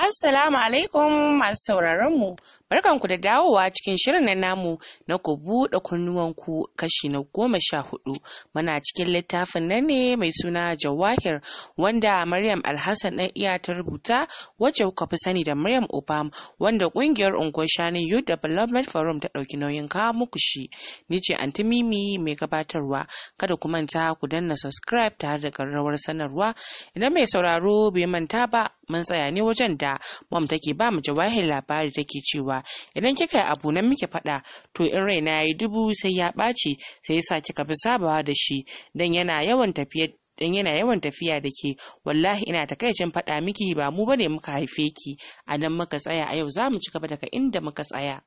Assalamu alaikum masu sauraron mu. Barkanku da dawowa cikin shirin na namu na ku buɗe kunnuwanku kashi na goma sha hudu. Muna cikin littafin nan ne mai suna Jawahir wanda Maryam Alhassan ɗan iya ta rubuta wacce kuka fi sani da Maryam Obam wanda ƙungiyar unguwar shanun Youth Development Forum ta ɗauki nauyin kawo muku shi. Ni ce Anti Mimi mai gabatarwa. Kada ku manta ku danna subscribe tare da ƙararrawar sanarwa. Idan mai sauraro bai manta ba mun tsaya ne wajen da mom take ba mu jawahir labari take cewa idan kika yi abu nan muke faɗa to in raina yayi dubu sai ya ɓaci sai yasa kika fi sabawa da shi dan yana yawan tafiya dan yana yawan tafiya da ke wallahi ina takaicin faɗa miki ba mu bane muka haife ki a nan muka tsaya a yau za mu ci gaba daga inda muka tsaya.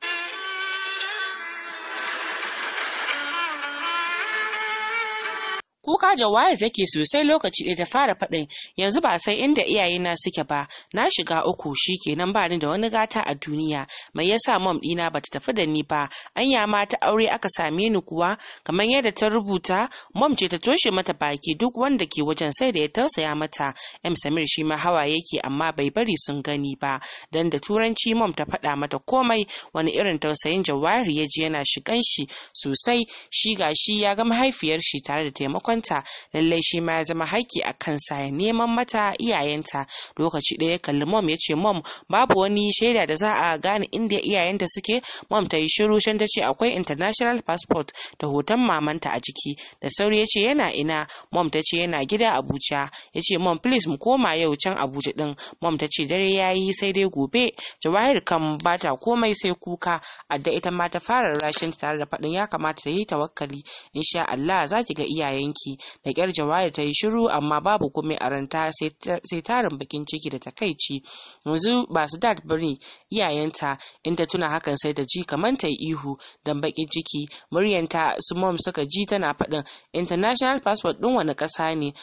kuka jawahir take sosai lokaci ɗaya ta fara faɗin yanzu ba sai inda iyayena suke ba na shiga uku shikenan ba ni da wani gata a duniya mai yasa mom ɗina bata tafi da ni ba anya ma ta aure aka same ni kuwa kamar yadda ta rubuta mom ce ta toshe mata baki duk wanda ke wajen sai da ya tausaya mata m samir shi ma hawa yake amma bai bari sun gani ba dan da turanci mom ta faɗa mata komai wani irin tausayin jawahir ya ji yana shigan shi sosai shi gashi ya ga mahaifiyar shi tare da taimakon taimakonta lallai shi ma ya zama haƙƙi a kansa ya neman mata iyayenta lokaci ɗaya ya kalli mom ya ce mom babu wani shaida da za a gane inda iyayenta suke mom ta yi shiru shan ta ce akwai international passport da hoton mamanta a jiki da sauri ya ce yana ina mom ta ce yana gida abuja ya ce mom please mu koma yau can abuja ɗin mom ta ce dare ya yi sai dai gobe jawahir kan ba ta komai sai kuka adda ita ma ta fara rashin tare da faɗin ya kamata ta yi tawakkali sha Allah za ki ga iyayenki ciki da ƙyar jawahir ta yi shiru amma babu komai a ranta sai tarin bakin ciki da takaici yanzu ba su dat birni iyayenta in ta tuna hakan sai ta ji kamar ta ihu dan bakin ciki muryanta su mom suka ji tana faɗin international passport ɗin wani ƙasa ne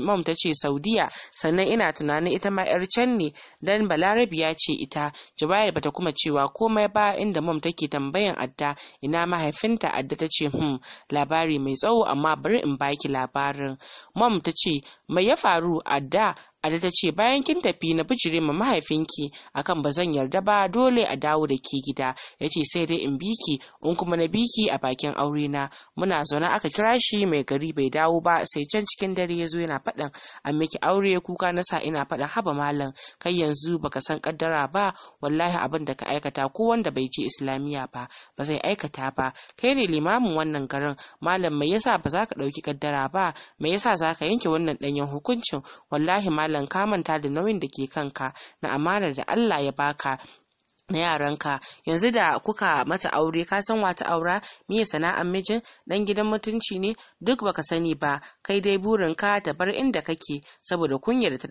mom ta ce saudiya sannan ina tunanin ita ma 'yar can ne dan balarabiya ce ita jawahir bata kuma cewa komai ba inda mom take tambayan adda ina mahaifinta adda ta ce hmm labari mai tsawo amma bari bari in baki labarin. Mom ta ce, Mai ya faru a da Ada ta ce bayan kin tafi na bijire ma mahaifinki akan ba zan yarda ba dole a dawo da ke gida ya ce sai dai in biki in kuma na biki a bakin aure na muna zaune aka kira shi mai gari bai dawo ba sai can cikin dare ya zo yana faɗan an miki aure kuka na sa ina faɗan haba malam kai yanzu baka san kaddara ba wallahi abin da ka aikata ko wanda bai je Islamiyya ba ba zai aikata ba kai ne limamin wannan garin malam mai yasa ba za ka ɗauki kaddara ba me yasa za ka yanke wannan ɗanyen hukuncin wallahi malam malam ka manta da nauyin da ke kanka na amanar da Allah ya baka na yaranka yanzu da kuka mata aure ka san wata aura miye sana'an mijin dan gidan mutunci ne duk baka sani ba kai dai burin ka ta bar inda kake saboda kunyar da ta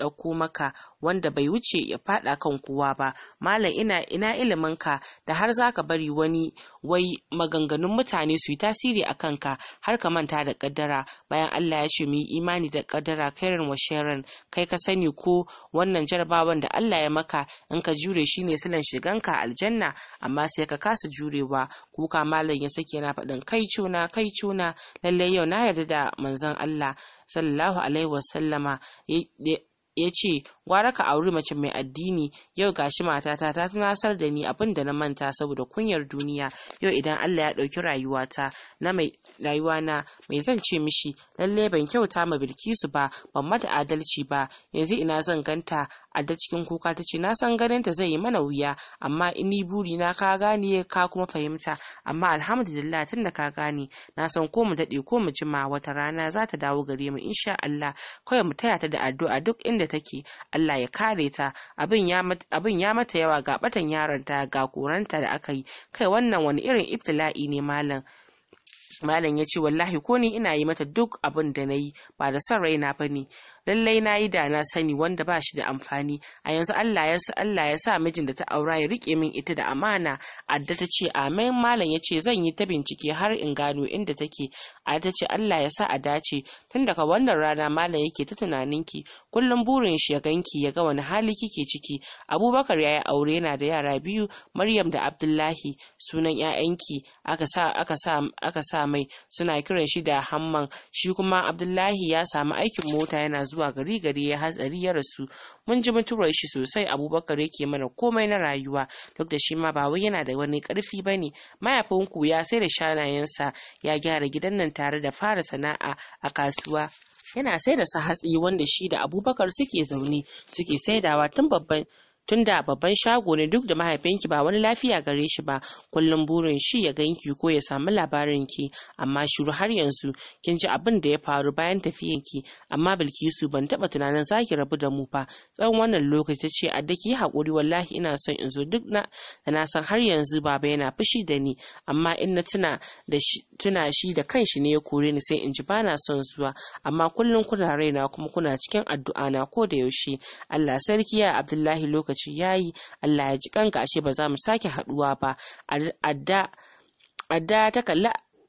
ɗauko maka wanda bai wuce ya faɗa kan kowa ba malam ina ina iliminka da har zaka bari wani wai maganganun mutane su yi tasiri a kanka har ka manta da kaddara bayan Allah ya ce mu yi imani da kaddara kairan wa sharan kai ka sani ko wannan jarabawan da Allah ya maka in ka jure shi ne shigan ka, aljanna amma sai ka kasa jurewa kuka malam ya sake yana faɗin kai cuna kai cuna lallai yau na yarda da manzon Allah sallallahu alaihi wasallama ya ce gwara ka auri mace mai addini yau gashi matata ta tunasar da ni abin da na manta saboda kunyar duniya yau idan Allah ya ɗauki rayuwata na mai rayuwana mai zan ce mishi lalle ban kyauta ma Bilkisu ba ban mata adalci ba yanzu ina zan ganta da cikin kuka ta ce na san ganinta zai yi mana wuya amma ini buri na ka gane ka kuma fahimta amma alhamdulillah tun da ka gane na san ko mu daɗe ko mu jima wata rana za ta dawo gare mu insha Allah kawai mu taya ta da addu'a duk inda da take Allah ya kare ta abin ya mata yawa ga batan yaronta ga koranta da aka yi kai wannan wani irin ibtila'i ne malam malam ya ce wallahi ko ni ina yi mata duk abin da na yi ba da son raina ba ne lallai na yi da na sani wanda ba shi da amfani a yanzu Allah ya sa Allah ya sa mijin da ta aura ya rike min ita da amana adda ta ce amen malam ya ce zan yi ta bincike har in gano inda take adda ta ce Allah ya sa a dace tun daga wannan rana malam yake ta tunanin ki kullum burin shi ya ganki ya ga wani hali kike ciki Abubakar ya yi aure yana da yara biyu Maryam da Abdullahi sunan 'ya'yanki aka sa aka sa aka sa mai suna kiran shi da Hamman shi kuma Abdullahi ya samu aikin mota yana zuwa zuwa gari gari ya hatsari ya rasu mun ji mutuwar shi sosai abubakar yake mana komai na rayuwa duk da shi ma ba wai yana da wani karfi bane ne mayafin ku ya sai da shanayensa ya gyara gidan nan tare da fara sana'a a kasuwa yana sai da su hatsi wanda shi da abubakar suke zaune suke saidawa tun babban Tun da babban shago ne duk da mahaifinki ba wani lafiya gare shi ba kullum burin shi ya ganki ko ya samu labarin ki amma shiru har yanzu kin ji abin da ya faru bayan tafiyan ki amma Bilkisu ban taba tunanin zaki rabu da mu ba. tsawon wannan lokaci ta ce adda ki hakuri wallahi ina son in zo duk na na san har yanzu baba yana fushi da ni amma in na tuna da shi tuna shi da kanshi ne ya kore ni sai in ji bana son zuwa amma kullum kuna raina kuma kuna cikin addu'a na ko da yaushe Allah sarki ya Abdullahi lokaci lokaci yi Allah ya ji kanka ashe ba za mu sake haduwa ba a da ta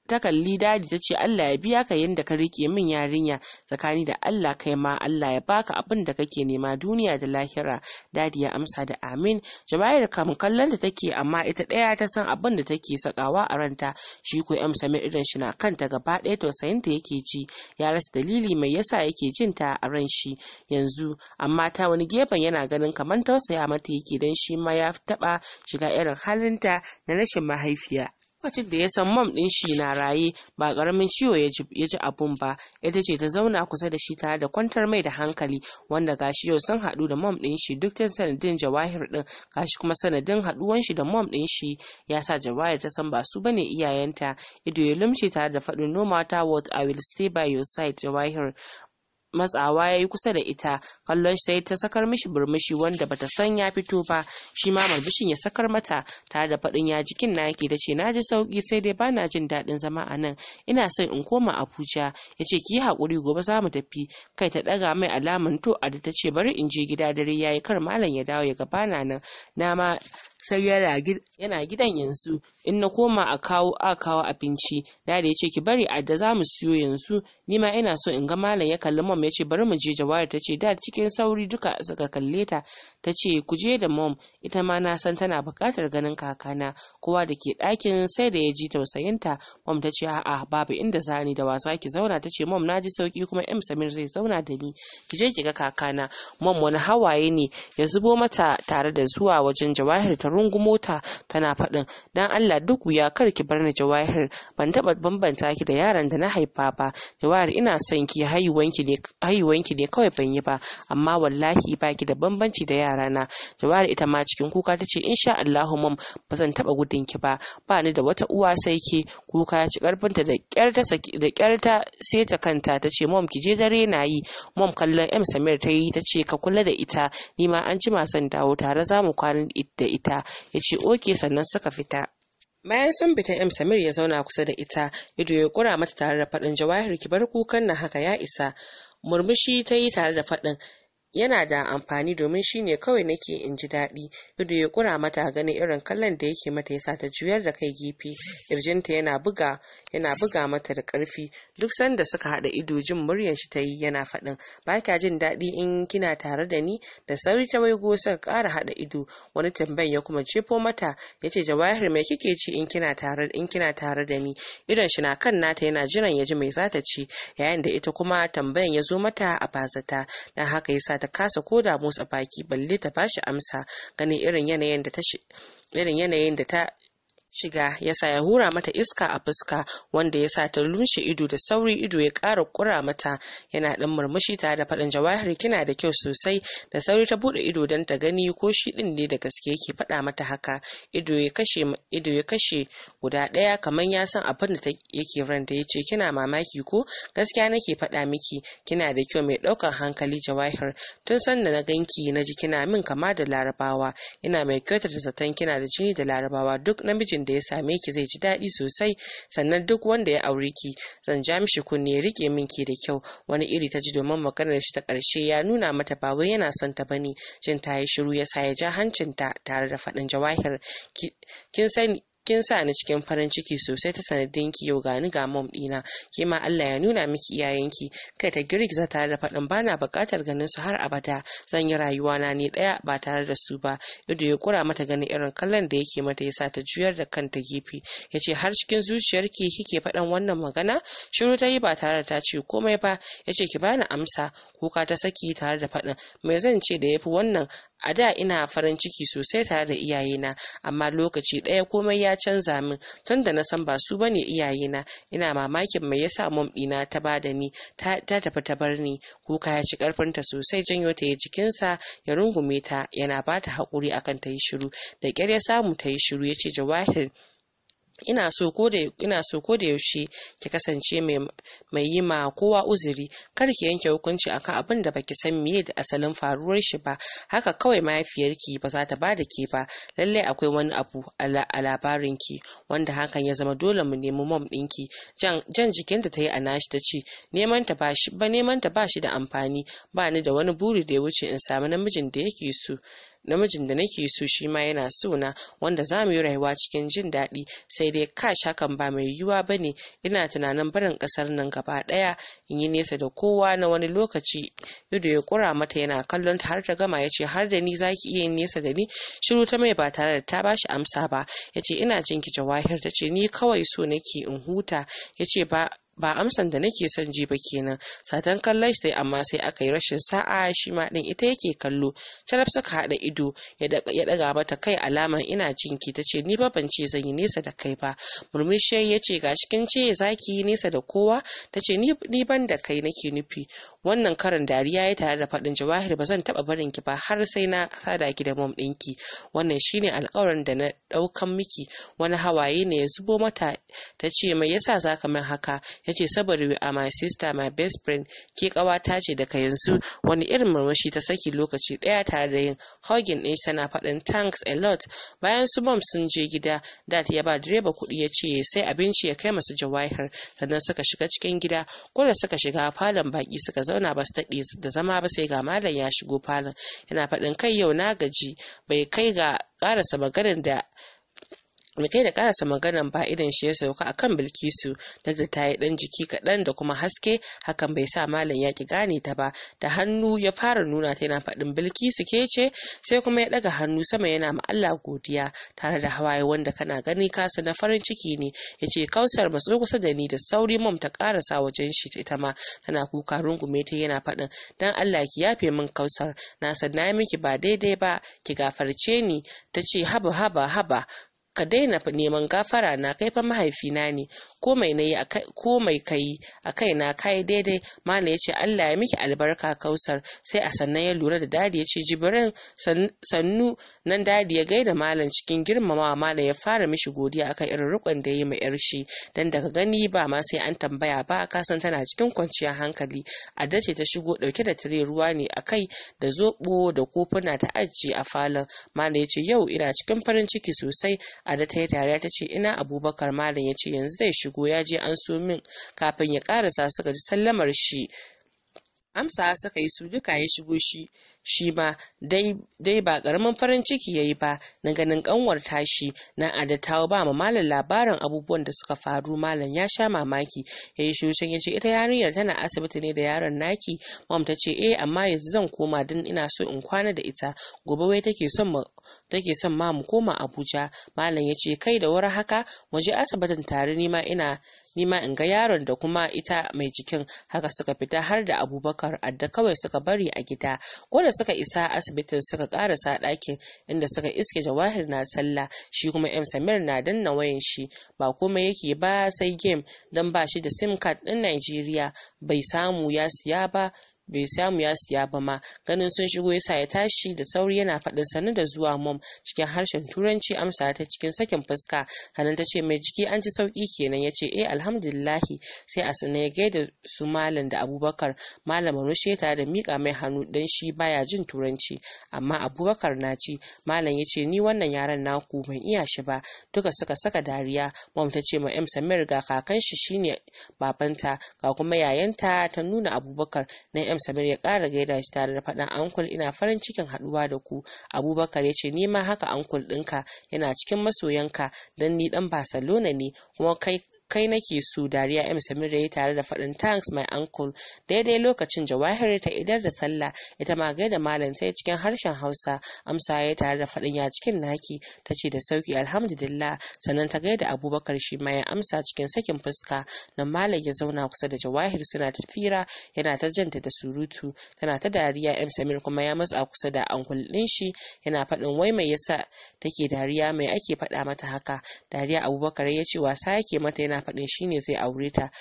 ta kalli dadi ta ce Allah ya biya ka yadda ka rike min yarinya tsakani da Allah kai ma Allah ya baka abin da kake nema duniya da lahira dadi ya amsa da amin jama'ir kam kallon da take amma ita ɗaya ta san abin da take sakawa a ranta shi ko am mai idan shi na kanta gaba ɗaya tausayin ta yake ji ya rasa dalili mai yasa yake jin ta a ran shi yanzu amma ta wani gefen yana ganin kamar tausaya mata yake dan shi ma ya taɓa shiga irin halinta na rashin mahaifiya lokacin da ya san mom din shi na raye ba karamin ciwo ya ji abun ba ita ce ta zauna kusa da shi tare da kwantar mai da hankali wanda gashi yau sun haɗu da mom din shi duk ta sanadin jawahir din gashi kuma sanadin haɗuwan shi da mom din shi ya sa jawahir ta san ba su bane iyayenta ido ya lumce tare da faɗin no matter what I will stay by your side jawahir matsawa ya yi kusa da ita kallon shi sai ta sakar mishi burmushi wanda bata san ya fito ba shi ma murmushin ya sakar mata ta da faɗin ya jikin na yake ce na ji sauki sai dai bana jin daɗin zama a nan ina son in koma Abuja ya ce ki yi haƙuri gobe za mu tafi kai ta ɗaga mai alaman to a da ta ce bari in je gida dare ya yi kar malam ya dawo ya ga bana nan na ma sai yana gidan yanzu in na koma a kawo a kawo abinci da ya ce ki bari a da za mu siyo yanzu ni ma ina so in ga malam ya kalli mamaye ya ce bari mu je Jawahra ta ce da cikin sauri duka suka kalle ta ta ce ku je da mom ita ma na san tana buƙatar ganin kakana kowa da ke ɗakin sai da ya ji tausayinta mom ta ce a'a babu inda zani da wasa ki zauna ta ce mom na ji sauki kuma m samir zai zauna da ni ki je ki ga kakana mom wani hawaye ne ya zubo mata tare da zuwa wajen jawahir ta rungu mota tana faɗin dan Allah duk wuya kar ki bar ni jawahir ban taɓa bambanta ki da yaran da na haifa ba jawahir ina son ki haihuwanki haihuwanki ne kawai ban yi ba amma wallahi baki da bambanci da yara rana jawari ita ma cikin kuka ta ce insha Allahu mam ba zan taba gudun ki ba ba ni da wata uwa sai ki kuka ya ci karfinta da kyar ta da kyar sai ta kanta ta ce mom ki je dare na yi mom kallon M Samir ta yi ta ce ka kula da ita ni ma an jima san dawo tare za mu kwana da ita ya ce oke sannan suka fita bayan sun fita m samir ya zauna kusa da ita ido ya kura mata tare da faɗin jawahir ki bar kukan na haka ya isa murmushi ta yi tare da faɗin Yana da amfani domin shi ne kawai nake in ji daɗi. Ido ya ƙura mata ganin irin kallon da yake mata ya sa ta juyar da kai gefe. Ƙirjinta yana buga yana buga mata da ƙarfi. Duk sanda suka haɗa ido jin muryar shi ta yi yana faɗin ba kya jin daɗi in kina tare da ni da sauri ta waigo suka ƙara haɗa ido wani tambayan ya kuma jefo mata ya ce jawahir mai kike ci in kina tare in kina tare da ni idon shi na kan nata yana jiran ya ji mai zata ci yayin da ita kuma tambayan ya zo mata a bazata dan haka yasa ta ta kasa ko da motsa baki balle ta bashi amsa ganin irin yanayin da ta irin shiga ya sa ya hura mata iska a fuska wanda ya sa ta lumshe ido da sauri ido ya kara kura mata yana ɗan murmushi tare da faɗin jawahir kina da kyau sosai da sauri ta buɗe ido don ta gani ko shi ɗin ne da gaske yake faɗa mata haka ido ya kashe ido ya kashe guda ɗaya kamar ya san abin da yake ranta ya ce kina mamaki ko gaskiya nake faɗa miki kina da kyau mai ɗaukar hankali jawahir tun san da na ganki na ji kina min kama da larabawa ina mai kyautata zaton kina da jini da larabawa duk namijin da ya same ki zai ji daɗi sosai sannan duk wanda ya aure ki zan ja mishi kunne ya rike min ki da kyau wani iri ta ji domin maganar shi ta ƙarshe ya nuna mata ba wai yana son ta bane jin ta yi shiru ya sa ya ja hancinta tare da faɗin jawahir kin sani kin sa ni cikin farin ciki sosai ta sanadin ki yau gani ga mom ɗina ke ma Allah ya nuna miki iyayenki kai ta girgiza tare da faɗin bana bukatar ganin su har abada zan yi rayuwa na ni ɗaya ba tare da su ba ido ya kura mata ganin irin kallon da yake mata yasa ta juyar da kanta gefe yace har cikin zuciyarki kike faɗan wannan magana shiru ta yi ba tare da ta ce komai ba ya ki bani amsa kuka ta saki tare da faɗin me zan ce da yafi wannan A da ina farin ciki sosai tare da iyayena, amma lokaci ɗaya komai ya canza min tunda na san ba su bane iyayena. Ina mamakin mai yasa mom ɗina ta ba da ni ta tafi ta bar ni. Kuka ya ci ƙarfinta sosai janyo ta yi jikinsa ya rungume ta yana ba ta haƙuri akan ta yi shiru. Da ƙyar ya samu ta yi shiru ya ce Jawahir ina so ko da yaushe ki kasance mai mai yi ma kowa uzuri kar ki yanke hukunci akan abin da baki san miye da asalin faruwar shi ba haka kawai mahaifiyarki ba za ta ba da ke ba lallai akwai wani abu a labarin ki wanda hakan ya zama dole mu nemi mom ɗinki jan jikin da ta yi a nashi ta ce neman ba shi ba neman ta ba shi da amfani ba ni da wani buri da ya wuce in samu namijin da yake so namijin da nake so shi ma yana so na wanda za mu yi rayuwa cikin jin daɗi sai dai kash hakan ba mai yiwuwa ba ne ina tunanin barin ƙasar nan gaba ɗaya in yi nesa da kowa na wani lokaci ido ya kura mata yana kallon ta har ta gama ya ce har da ni za ki iya yin nesa da ni shiru ta mai ba tare da ta bashi amsa ba ya ce ina jinki jawahir ta ce ni kawai so nake in huta ya ce ba ba amsan da nake son ji ba kenan satan kallon shi amma sai aka yi rashin sa'a shi ma din ita yake kallo Talab suka haɗa ido ya daga mata kai alaman ina jinki ta ce ni ba ban ce zan yi nesa da kai ba murmushi ya ce ga cikin ce zaki yi nesa da kowa ta ce ni ban da kai nake nufi wannan karin dariya ya tare da faɗin jawahir ba zan taɓa barin ki ba har sai na sada ki da mom ki. wannan shine alƙawarin da na ɗaukan miki wani hawaye ne ya zubo mata ta ce mai yasa zaka min haka ya ce saboda a are my sister my best friend ke ƙawata ce daga yanzu wani irin murmushi ta saki lokaci daya tare da yin hogin ɗin tana faɗin thanks a lot bayan su mom sun je gida dat ya ba direba kuɗi ya ce sai abinci ya kai masu jawahir sannan suka shiga cikin gida ko da suka shiga falon baki suka zauna ba su daɗe da zama ba sai ga malam ya shigo falon yana faɗin kai yau na gaji bai kai ga ƙarasa maganin da mikai da karasa maganan ba idan shi ya sauka a kan bilkisu da ta tayi dan jiki kaɗan da kuma haske hakan bai sa malam ya ki gane ta ba da hannu ya fara nuna ta yana faɗin bilkisu ke ce sai kuma ya ɗaga hannu sama yana ma Allah godiya tare da hawaye wanda kana gani kasa na farin ciki ne ya ce kausar matso kusa da ni da sauri mom ta karasa wajen shi ita ma tana kuka rungume ta yana faɗin dan Allah ki yafe min kausar na san na miki ba daidai ba ki gafarce ni ta ce haba haba haba ka daina neman gafara na kai fa mahaifina ne ko mai nayi ko mai kai a na kai daidai malam yace Allah ya miki albarka kausar sai a sannan ya lura da dadi yace jibrin sannu nan dadi ya gaida malam cikin girmamawa malam ya fara mishi godiya akan irin rukun da yi mai yar shi dan daga gani ba ma sai an tambaya ba ka san tana cikin kwanciyar hankali adda ce ta shigo dauke da tire ruwa ne a kai da zobo da kofuna ta ajiye a falon ya yace yau ina cikin farin ciki sosai Ada ta yi tare ta ce ina Abubakar malam ya ce yanzu zai shigo ya je an so min kafin ya karasa suka ji sallamar shi amsawa suka yi su duka ya shigo shi shi ma dai ba karamin farin ciki ya yi ba na ganin kanwar tashi na adatawa ba ma malam labarin abubuwan da suka faru malam ya sha mamaki ya yi shushin ya ce ita yarinyar tana asibiti ne da yaron naki mom ta ce eh amma yanzu zan koma don ina so in kwana da ita gobe wai take son son ma mu koma abuja malam ya ce kai da wuri haka waje asibitin tare ni ma ina nima in ga yaron da kuma ita mai jikin haka suka fita har da abubakar adda kawai suka bari a gida ko da suka isa asibitin suka karasa ɗakin inda suka iske jawahir na sallah shi kuma m samir na danna wayan shi ba komai yake ba sai game don ba shi da sim card ɗin najeriya bai samu ya siya ba bai samu ya siya ba ma ganin sun shigo yasa ya tashi da sauri yana faɗin sannu da zuwa mom cikin harshen turanci amsa ta cikin sakin fuska hanan ta ce mai jiki an ji sauki kenan ya ce eh alhamdulillahi sai a sana ya gaida su malam da abubakar malam rushe ta da miƙa mai hannu dan shi baya jin turanci amma abubakar na ci malam ya ce ni wannan yaran naku ban iya shi ba duka suka saka dariya mom ta ce ma m samir ga kakan shi shine babanta ga kuma yayanta ta nuna abubakar na Malam Samir ya ƙara gaida shi tare da faɗin ankul ina farin cikin haɗuwa da ku. Abubakar ya ce nima haka ankul ɗinka yana cikin masoyanka don ni ɗan Barcelona ne kuma kai kai nake so dariya M Samir yayi tare da faɗin tanks my uncle daidai lokacin Jawahir ta idar da sallah ita ma gaida malam sai cikin harshen Hausa amsa ya tare da faɗin ya cikin naki ta ce da sauki alhamdulillah sannan ta gai da Abubakar shi ma ya amsa cikin sakin fuska na malam ya zauna kusa da Jawahir suna ta fira yana ta janta da surutu tana ta dariya M Samir kuma ya matsa kusa da uncle ɗin shi yana faɗin wai mai yasa take dariya mai ake faɗa mata haka dariya Abubakar ya ce wasa yake mata yana yana faɗin shi ne zai aure ta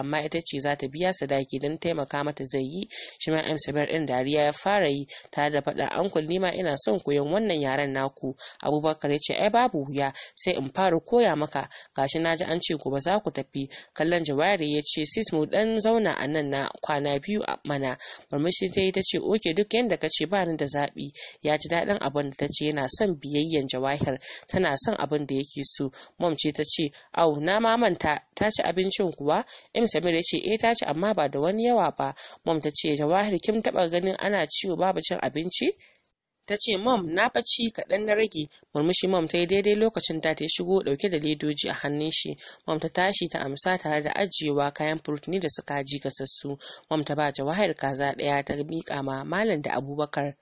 amma ita ce za ta biya sadaki don taimaka mata zai yi shi ma m ɗin dariya ya fara yi tare da faɗa ankul ni ma ina son koyon wannan yaren naku abubakar ya ce ai babu wuya sai in fara koya maka gashi na ji an ce gobe za ku tafi kallon jawari ya ce sis mu dan zauna a nan na kwana biyu a mana murmushi ta yi ta ce oke duk yadda ka ce ba ni da zaɓi ya ji daɗin abin da ta ce yana son biyayyen jawahir tana son abin da yake so mom ce ta ce au na mamanta ta ci abincin kuwa im samir ya ce e ta ci amma ba da wani yawa ba mom ta ce jawahir kin taba ganin ana ciwo babu cin abinci ta ce mom na faci kaɗan na rage murmushi mom ta yi daidai lokacin ta ta yi shigo ɗauke da ledoji a hannun shi mom ta tashi ta amsa tare da ajiyewa kayan furutuni da suka ji gasassu mom ta ba jawahir kaza ɗaya ta miƙa ma malam da abubakar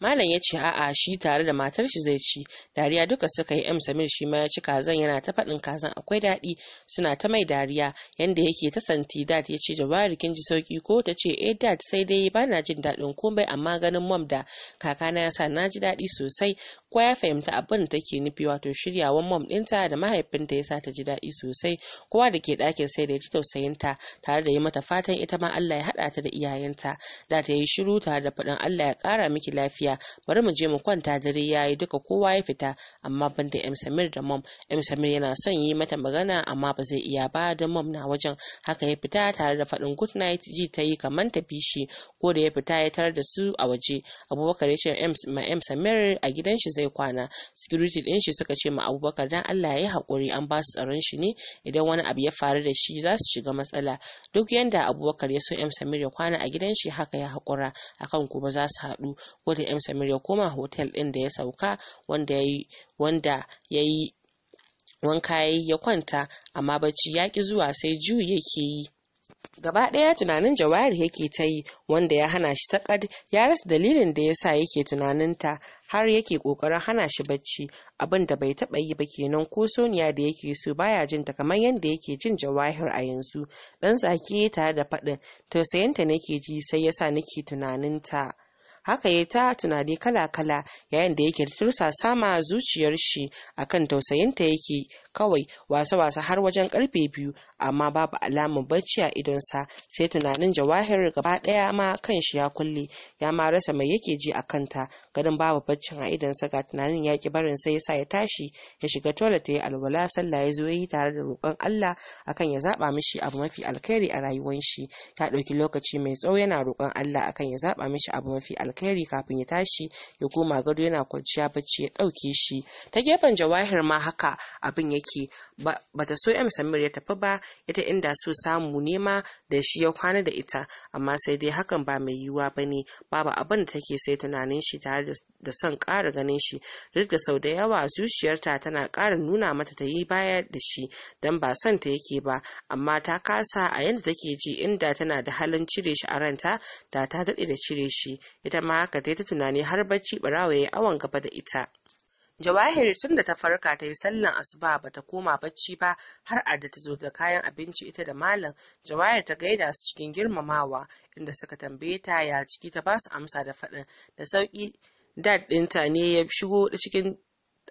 Malam ya ce a'a shi tare da matar shi zai ci. Dariya duka suka yi M Samir shi ma ya ci kazan yana ta faɗin kazan akwai daɗi suna ta mai dariya yanda yake ta santi dad ya ce jawari kin ji sauki ko ta ce eh dad sai dai bana jin daɗin komai amma ganin mom da kakana ya sa na ji daɗi sosai kowa ya fahimta abin da take nufi wato shiryawan mom ɗinta da mahaifinta ya sa ta ji daɗi sosai kowa da ke ɗakin sai da ya ji tausayinta tare da yi mata fatan ita ma Allah ya haɗa ta da iyayenta da ta yi shiru tare da faɗin Allah ya kara miki lafiya bari mu je mu kwanta dare yayi duka kowa ya fita amma ban da M Samir da mom M Samir yana son yi mata magana amma ba zai iya ba don mom na wajen haka ya fita tare da faɗin good night ji ta yi kamar ta shi ko da ya fita ya tarar da su a waje Abubakar ya ce ma M Samir a gidan shi zai kwana security din shi suka ce ma abubakar dan allah ya yi haƙuri an ba su tsaron shi ne idan wani abu ya faru da shi za su shiga matsala duk yanda abubakar ya so m samir ya kwana a gidan shi haka ya haƙura akan kuma za su haɗu ko da m samir ya koma hotel din da ya sauka wanda ya yi wanda ya yi wanka ya kwanta amma bacci ya ƙi zuwa sai juyi yake yi gaba ɗaya tunanin jawahir yake ta yi wanda ya hana shi sakad ya rasa dalilin da ya sa yake tunaninta har yake ƙoƙarin hana shi bacci abin da bai taɓa yi ba kenan ko soniya da yake so baya jin ta kamar yadda yake jin jawahir a yanzu dan zaki tare da faɗin tausayinta nake ji sai yasa nake tunaninta haka ya ta tunani kala-kala yayin da yake tursa sama zuciyar shi akan tausayinta yake kawai wasa-wasa har wajen karfe biyu amma babu alamun bacci a idonsa sai tunanin jawahir gaba ɗaya ma kan shi ya kulle ya ma rasa mai yake ji a kanta ganin babu baccin a idonsa ga tunanin ya ki barin sai sa ya tashi ya shiga Tola ta yi alwala sallah ya zo ya yi tare da roƙon Allah akan ya zaba mishi abu mafi alkhairi a rayuwar shi ya ɗauki lokaci mai tsawo yana roƙon Allah akan ya zaba mishi abu mafi alkhairi alkhairi kafin ya tashi ya koma gado yana kwanciya bacci ya ɗauke shi ta gefen jawahir ma haka abin yake bata so m samir ya tafi ba ita inda so samu nema da shi ya kwana da ita amma sai dai hakan ba mai yiwuwa ba ne babu abin da take sai tunanin shi tare da son ƙara ganin shi duk da sau da yawa zuciyarta tana ƙara nuna mata ta yi baya da shi don ba son ta yake ba amma ta kasa a yadda take ji inda tana da halin cire shi a ranta da ta daɗe da cire shi ita ma haka ta yi ta tunani har bacci ɓarawo ya yi awon gaba da ita. jawahir tun da ta farka ta yi sallan asuba ba ta koma bacci ba har a da ta zo da kayan abinci ita da malam Jawahir ta gaida su cikin girmamawa inda suka tambaye ta ya ciki ta ba su amsa da faɗin da sauƙi dad ɗinta ne ya shigo cikin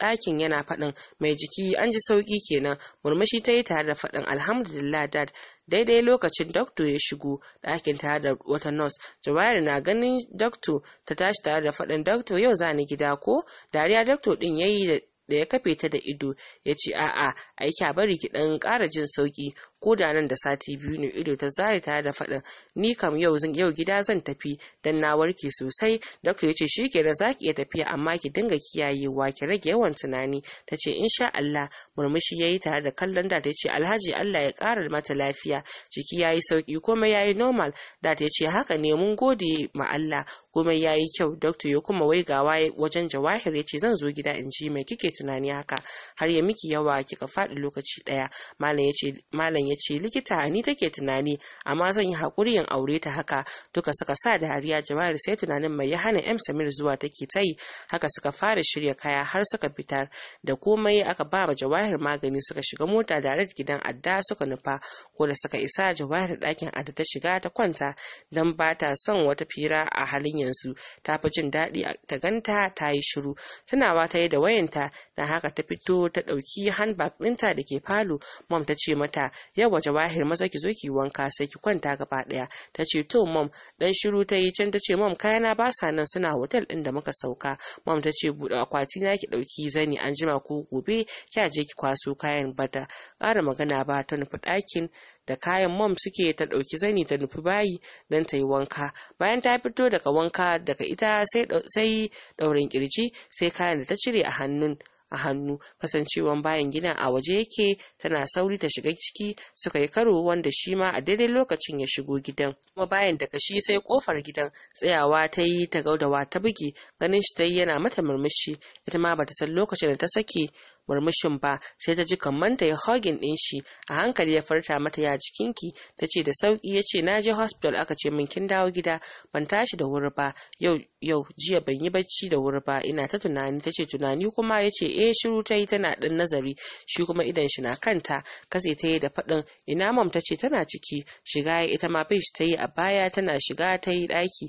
ɗakin yana faɗin mai jiki an ji sauƙi kenan murmushi ta yi tare da faɗin alhamdulillah dad daidai lokacin dokto ya shigo ɗakin tare da wata nos jawari na ganin dokto ta tashi tare da faɗin dokto yau za ni gida ko dariya dokto ɗin ya yi da ya kafe ta da ido ya ce a'a aiki a bari ki dan kara jin sauki ko da nan da sati biyu ne ido ta zare ta da faɗin ni kam yau yau gida zan tafi dan na warke sosai doctor ya ce ke za ki iya tafiya amma ki dinga kiyayewa ki rage yawan tunani ta ce sha Allah murmushi ya yi tare da kallon da ta ce alhaji Allah ya ƙara mata lafiya jiki ya yi sauki komai ya yi normal da ta ce haka ne mun gode ma Allah komai ya yi kyau doctor ya kuma gawa wajen jawahir ya ce zan zo gida in ji mai kike tunani haka har ya miki yawa kika faɗi lokaci ɗaya malam ya ce likita ni take tunani amma zan yi hakuri in aure ta haka duka suka sa da hariya jawahir sai tunanin mai ya hana m samir zuwa take ta yi haka suka fara shirya kaya har suka fitar da komai aka ba ma jawahir magani suka shiga mota da gidan adda suka nufa ko da suka isa jawahir ɗakin adda ta shiga ta kwanta don ba ta son wata fira a halin yanzu su ta fi jin daɗi ta ganta ta yi shiru tunawa ta yi da wayanta na haka ta fito ta ɗauki handbag ɗinta da ke falo mom ta ce mata yau waje jawahir maza ki zo ki wanka sai ki kwanta gaba ɗaya ta ce to mom dan shiru ta yi can ta ce mom kayana ba sa nan suna hotel ɗin da muka sauka mom ta ce buɗe akwati na ki ɗauki zani an jima ko gobe kya je ki kwaso kayan bata ƙara magana ba ta nufi ɗakin da kayan mom suke ta ɗauki zani ta nufi bayi don ta yi wanka bayan ta fito daga wanka daga ita sai ɗaurin kirji sai kayan da ta cire a hannun a hannu kasancewan bayan gidan a waje yake tana sauri ta shiga ciki suka yi karo wanda shi ma a daidai lokacin ya shigo gidan kuma bayan daga shi sai kofar gidan tsayawa ta yi ta gaudawa ta buge ganin shi ta yi yana mata murmushi ita ma bata san lokacin da ta sake murmushin ba sai ta ji ta ya hogin ɗin shi a hankali ya farta mata ya jikinki ta ce da sauki yace na je hospital aka ce min kin dawo gida ban tashi da wuri ba yau yau jiya ban yi bacci da wuri ba ina ta tunani ta ce tunani kuma yace ce eh shiru ta yi tana ɗan nazari shi kuma idan shi na kanta kasa ta yi da faɗin ina mam ta ce tana ciki shiga ya ita ma fish ta yi a baya tana shiga ta yi ɗaki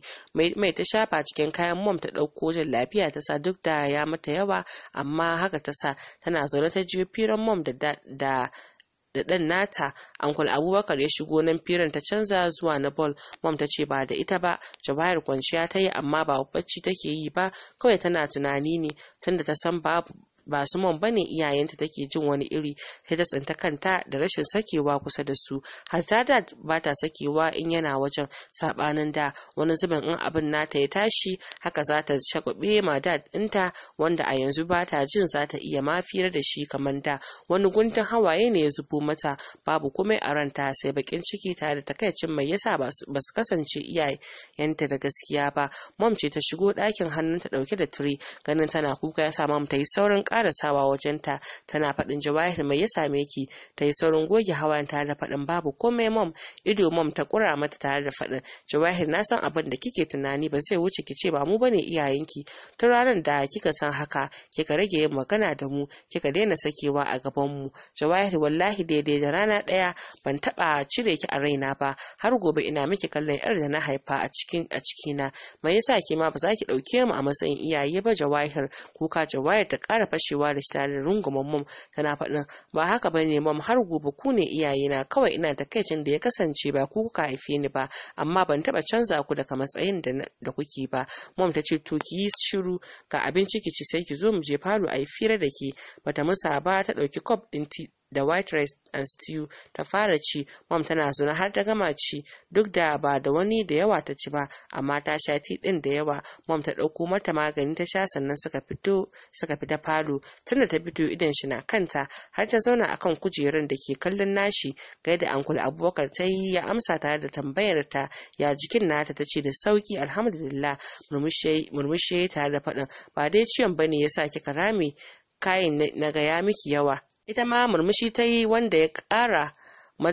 mai ta shafa cikin kayan mom ta ɗauko jin lafiya ta sa duk da ya mata yawa amma haka ta sa tana zaune ta jiyo firan mom da da da ɗan nata ankul abubakar ya shigo nan firan ta canza zuwa na ball mom ta ce ba da ita ba jawahir kwanciya ta yi amma ba bacci take yi ba kawai tana tunani ne tunda ta san babu ba su suman bane iyayenta take jin wani iri sai ta tsinta kanta da rashin sakewa kusa da su har ta da ba ta sakewa in yana wajen sabanin da wani zubin in abin nata ya tashi haka za ta shagwabe ma dad ɗinta wanda a yanzu ba ta jin za ta iya mafiyar da shi kamar da wani guntun hawaye ne ya zubo mata babu komai a ranta sai bakin ciki ta da takaicin mai yasa ba su kasance iyayenta da gaskiya ba mom ce ta shigo ɗakin hannunta ɗauke da tire ganin tana kuka yasa mom ta yi saurin ƙara karasawa wajenta tana faɗin jawahir mai ya same ki ta yi saurin goge hawan tare da faɗin babu komai mom ido mom ta kura mata tare da faɗin jawahir na san abin da kike tunani ba zai wuce ki ce ba mu bane iyayenki ta ranar da kika san haka kika rage yin magana da mu kika daina sakewa a gaban mu jawahir wallahi daidai da rana ɗaya ban taɓa cire ki a raina ba har gobe ina miki kallon yar da na haifa a cikin a cikina mai yasa ke ma ba za ki ɗauke mu a matsayin iyaye ba jawahir kuka jawahir ta ƙara fashi cewa da shi tare da tana faɗin ba haka ba ne mom har gobe ku ne iyayena kawai ina takaicin da ya kasance ba ku kuka haife ni ba amma ban taɓa canza ku daga matsayin da kuke ba mom ta ce to ki yi shiru ga abinci ki ci sai ki zo mu je falo a yi fira da ke bata musa ba ta ɗauki kwaf ɗin da white rice and stew ta fara ci mom tana zuna har ta gama ci duk da ba da wani da yawa ta ci ba amma ta sha ti din da yawa mom ta ɗauko mata magani ta sha sannan suka fito suka fita falo tunda ta fito idan shi na kanta har ta zauna akan kujerun da ke kallon nashi gaida ankul abubakar ta yi ya amsa tare da tambayar ta ya jikin nata ta ce da sauki alhamdulillah murmushi tare da faɗin ba dai ciwon bane yasa kika rame kayan na gaya miki yawa ita ma murmushi ta yi wanda ya ƙara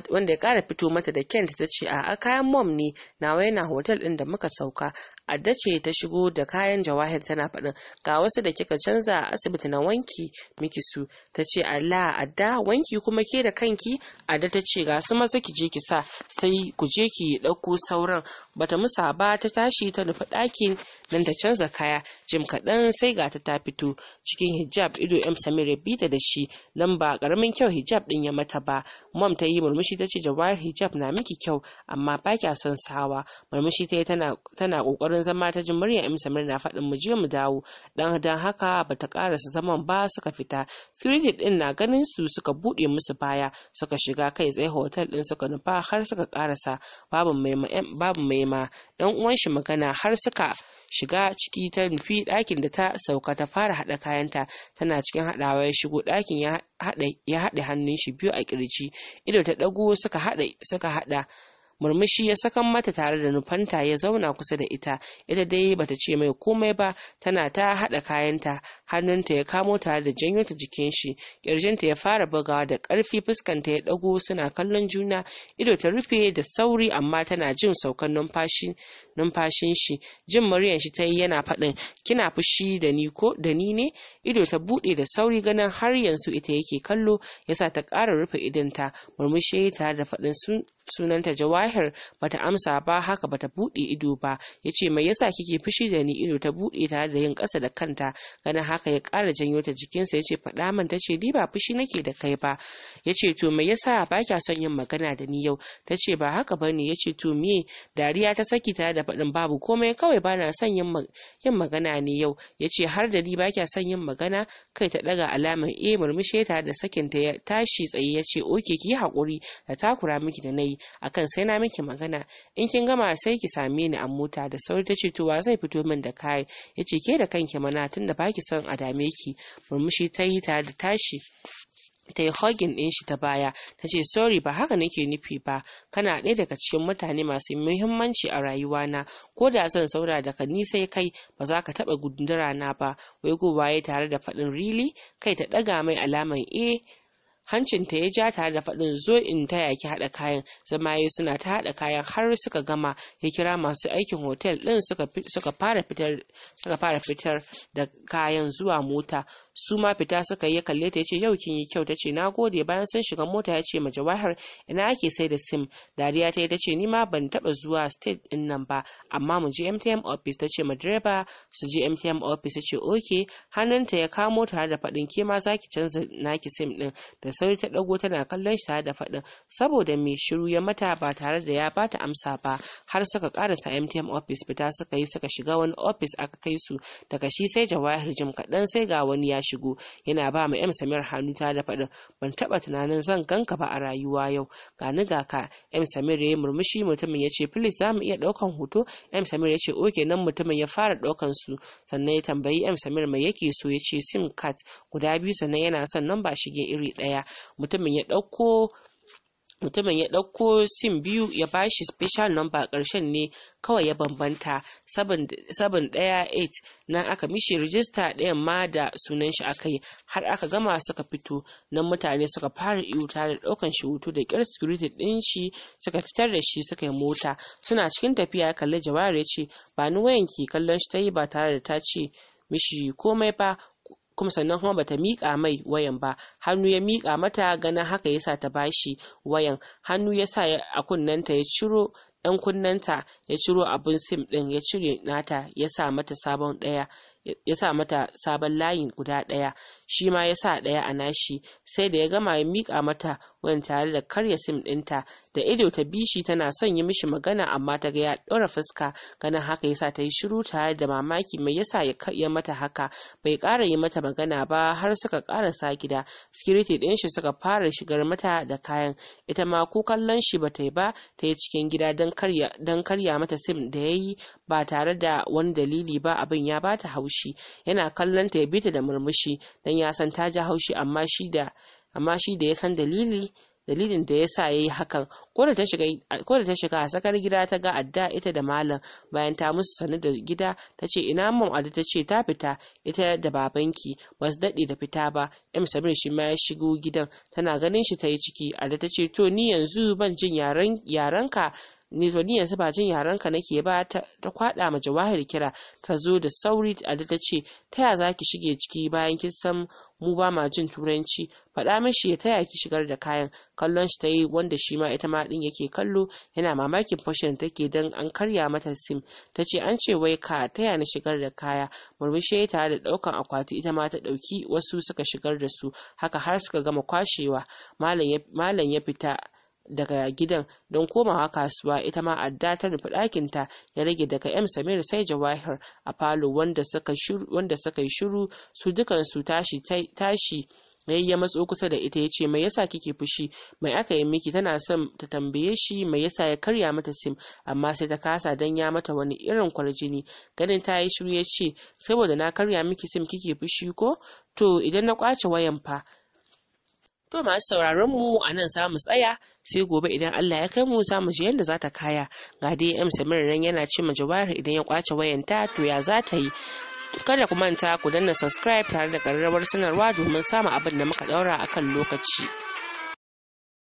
wanda ya ƙara fito mata da kyan ta ce a kayan mom ne nawa yana hotel ɗin da muka sauka Adda ce ta shigo da kayan jawahir tana faɗin ga wasu da kika canza a asibiti na wanki miki su ta ce Allah Adda wanki kuma ke da kanki Adda ta ce ga su maza ki je ki sa sai ku je ki ɗauko sauran bata musa ba ta tashi ta nufi ɗakin nan ta canza kaya jim kaɗan sai ga ta ta fito cikin hijab ido M Samir ya bita da shi nan ba ƙaramin kyau hijab ɗin ya mata ba mom ta yi murmushi ta ce jawahir hijab na miki kyau amma ba kya son sawa murmushi ta yi tana ƙoƙarin wurin zama ta ji muryar Imsa na faɗin mu je mu dawo dan dan haka bata karasa zaman ba suka fita security din na ganin su suka bude musu baya suka shiga kai tsaye hotel din suka nufa har suka karasa babu mai ma dan uwan shi magana har suka shiga ciki ta nufi ɗakin da ta sauka ta fara haɗa kayanta tana cikin haɗawa ya shigo ɗakin ya haɗe hannun shi biyu a kirji ido ta ɗago suka haɗa murmushi ya sakan mata tare da nufanta ya zauna kusa da ita ita dai bata ce mai komai ba tana ta haɗa kayanta hannunta ya kamo tare da janyo ta jikin shi ƙirjinta ya fara bugawa da ƙarfi fuskanta ya ɗago suna kallon juna ido ta rufe da sauri amma tana jin saukan numfashi numfashin shi jin muryar shi ta yi yana faɗin kina fushi da ni ko da ni ne ido ta buɗe da sauri ganin har yanzu ita yake kallo yasa ta ƙara rufe idonta murmushi ya tare da faɗin sunanta jawabi Tahir bata amsa ba haka bata buɗe ido ba ya ce mai yasa kike fushi da ni ido ta buɗe tare da yin ƙasa da kanta ganin haka ya ƙara janyo ta jikinsa ya ce faɗa min ta ce ni ba fushi nake da kai ba ya ce to mai yasa ba kya son yin magana da ni yau ta ce ba haka bane ya ce to me dariya ta saki ta da faɗin babu komai kawai ba na son yin magana ne yau ya ce har da ni ba kya son yin magana kai ta ɗaga alamar e eh, murmushe ta da sakinta ya tashi tsaye ya ce oke ki yi haƙuri da takura miki da nayi akan sai na na miki magana in kin gama sai ki same ni a mota da sauri ta ce to wa zai fito min da kai ya ce ke da kanki mana tun da baki son a dame ki murmushi ta yi tare da tashi ta yi hogin ɗin shi ta baya ta ce sorry ba haka nake nufi ba kana ɗaya daga cikin mutane masu muhimmanci a rayuwana ko da zan saura daga ni sai kai ba za ka taɓa gundura na ba wai gowaye tare da faɗin rili kai ta ɗaga mai alamar e hancinta ya ja tare da faɗin zo in taya ki haɗa kayan zama yi suna ta haɗa kayan har suka gama ya kira masu aikin hotel ɗin suka fara fitar da kayan zuwa mota su ma fita suka yi ya kalle ta yace yau kin yi kyau tace na gode bayan sun shiga mota ya ce ma jawahar ina ake sai da sim dariya ta yi tace ni ma ban taba zuwa state din nan ba amma mu je MTM office tace ma direba su je MTM office tace okay hannunta ya kamo ta da faɗin ke ma zaki canza naki sim din da sauri ta dago tana kallon shi da faɗin saboda me shiru ya mata ba tare da ya bata amsa ba har suka karasa MTM office fita suka yi suka shiga wani office aka kai su daga shi sai jawahar jim kaɗan sai ga wani ya shigo yana ba ma 'yan samir hannu ta da faɗin ban taɓa tunanin zan ganka ba a rayuwa yau ga ni ga ka 'yan samir ya yi murmushi mutumin ya ce please za mu iya ɗaukan hoto 'yan samir ya ce oke nan mutumin ya fara ɗaukan su sannan ya tambayi 'yan samir mai yake so ya ce sim card guda biyu sannan yana son nan ba shige iri ɗaya mutumin ya ɗauko mutumin ya ɗauko sim biyu ya ba shi special number ƙarshen ne kawai ya bambanta 718 nan aka mishi rijista ɗayan ma da sunan shi yi har aka gama suka fito nan mutane suka fara iwuta da ɗaukan shi hoto da ƙyar security ɗin shi suka fitar da shi suka yi mota suna cikin tafiya ya kalli ya ce ba ni wayan ke kallon shi ta yi ba tare da ta ce mishi komai ba kuma sannan kuma bata miƙa mai wayan ba hannu ya miƙa mata gana haka yasa ta bashi wayan hannu yasa a kunnenta ya ciro ɗan kunnenta ya ciro abin sim ɗin ya cire nata ya sa mata sabon ɗaya ya sa mata sabon layin guda ɗaya shi ma ya sa ɗaya a nashi sai da ya gama ya miƙa mata wani tare da karya sim ɗinta da ido ta bishi tana son yi mishi magana amma ta ga ya ɗora fuska ganin haka ya sa ta yi shiru tare da mamaki mai yasa ya mata haka bai ƙara yi mata magana ba har suka sa gida sikiriti ɗin shi suka fara shigar mata da kayan ita ma ko kallon shi ba ta yi ba ta yi cikin gida don karya mata sim da ya yi ba tare da wani dalili ba abin ya bata haushi yana kallon ta ya bi ta da murmushi don don ya san ta ji haushi amma shi da amma ya san dalili dalilin da ya sa ya yi hakan ko da ta shiga a sakar gida ta ga adda ita da malam bayan ta musu sanu da gida ta ce ina mam adda ta ce ta fita ita da babanki ba su daɗe da fita ba m sabir shi ma ya shigo gidan tana ganin shi ta yi ciki adda ta ce to ni yanzu ban jin yarenka ne to ni yanzu ba jin yaran ka nake ba ta, kwaɗa ma jawahir kira ta zo da sauri a da ta ce ta ya za ki shige ciki bayan kin san mu ba ma jin turanci faɗa mishi ya taya ki shigar da kayan kallon shi ta yi wanda shi ma ita ma din yake kallo yana mamakin fashin take dan an karya mata sim ta ce an ce wai ka taya na shigar da kaya murmushi tare da ɗaukan akwati ita ma ta ɗauki wasu suka shigar da su haka har suka gama kwashewa malam ya fita daga gidan don komawa kasuwa ita ma adda ta nufi ɗakinta ya rage daga m samir sai jawahir a falo wanda suka yi shiru su dukansu tashi tashi ya ya matso kusa da ita ya ce mai yasa kike fushi mai aka yi miki tana son ta tambaye shi mai yasa ya karya mata sim amma sai ta kasa dan ya mata wani irin kwarjini ganin ta yi shiru ya ce saboda na karya miki sim kike fushi ko to idan na kwace wayan fa To masu sauraron mu a nan za mu tsaya sai gobe idan Allah ya kai mu za mu ji yadda za ta kaya. Ga dai M Samir nan yana ce ma Jawahir idan ya kwace wayanta to ya za ta yi. Kada ku manta ku danna subscribe tare da ƙararrawar sanarwa domin samun abin da muka ɗaura kan lokaci.